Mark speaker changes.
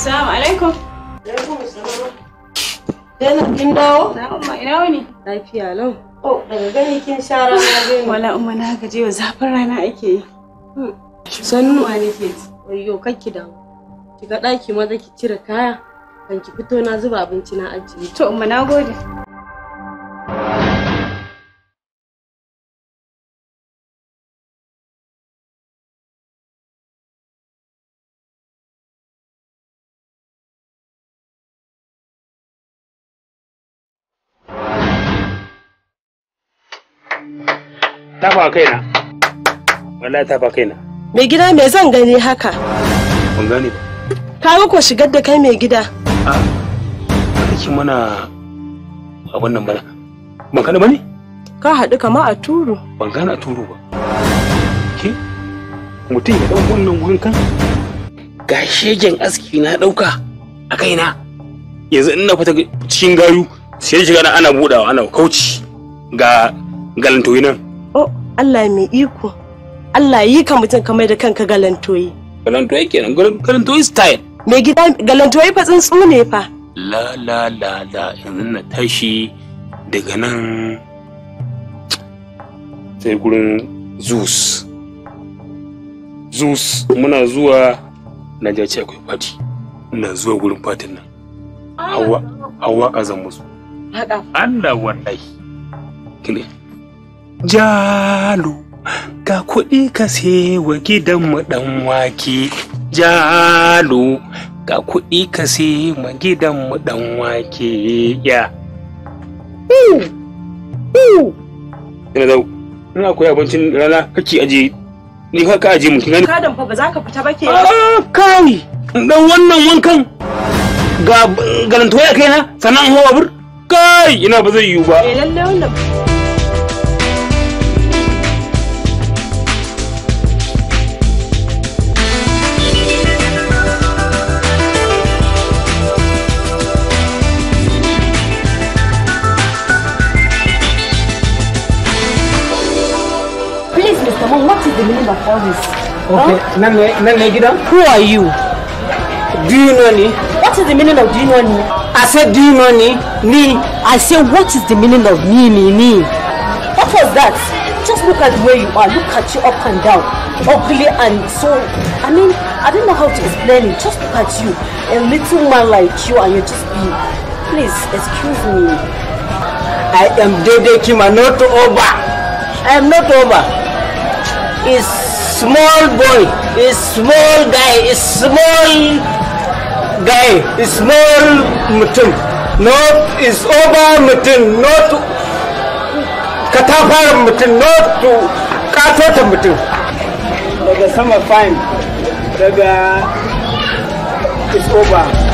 Speaker 1: Assalamu alaikum. Zainab kin dawo? Na umma ina wani? Lafiya lau. Oh, daga gani kin sha rana zai Wala umma na gaje wa zafin rana ake yi. Hmm. Sannu ma nake. Wayyo kakki dawo. Ki ga daki maza ki cire kaya. Kan ki fito na zuba abinci na ajiye. To umma na gode.
Speaker 2: Tafa kaina. Wallahi tafa kaina.
Speaker 1: Mai gida me zan gani haka? Ban gane ba. Ka ko shigar da kai mai gida.
Speaker 2: A ah, kake mana abin nan bana. Ban kana bane?
Speaker 1: Ka haɗu kama a turu.
Speaker 2: Ban gane a turu ba. Ke? Mutum ya ɗau wannan wankan? Ga shegen aski na ɗauka a kaina. Yanzu ina fita cikin gayu sai shiga ana buɗawa ana kauci ga galantoyi nan
Speaker 1: oh Allah mai iko Allah yi ka mutum kamar da kanka galantoyi
Speaker 2: galantoyi kenan galantoyi style
Speaker 1: me gida galantoyi fa tsuntsu ne fa
Speaker 2: la la la la yanzu na tashi daga nan sai gurin zeus zeus muna zuwa na ce akwai fati Ina zuwa gurin fatin nan hawa hawa azan musu Allah wallahi Kine. Jalu, ga kuɗi ka wa gidanmu ɗan wake. Jalu, ga kuɗi ka wa gidanmu ɗan wake ya. Ina da ina koyi abincin rana kake aje ni ka aje mu kin gani.
Speaker 1: dan fa ba za ka fita ba ke. Ah
Speaker 2: kai, dan wannan wankan ga galantoya ya kai na sanan hawa bur. Kai, ina ba zai yiwu ba.
Speaker 1: Eh lalle wannan. Dr. what is the meaning of all this?
Speaker 2: Okay, huh? Nane, Nane Gida, who are you? Do you know me? What is the meaning of do
Speaker 1: you know me? I said, do you know me? Me. I said, what is the meaning of me, me, me? What was that? Just look at where you are. Look at you up and down. Ugly and so... I mean, I don't know how to explain it. Just look at you. A little man like you and you just be... Please, excuse me. I am Dede Kimanoto Oba. I am not Oba. is small boy, is small guy, is small guy, is small
Speaker 2: mutton. Not is over mutton, not katafar mutton, not to katota mutton. the summer fine, it's over.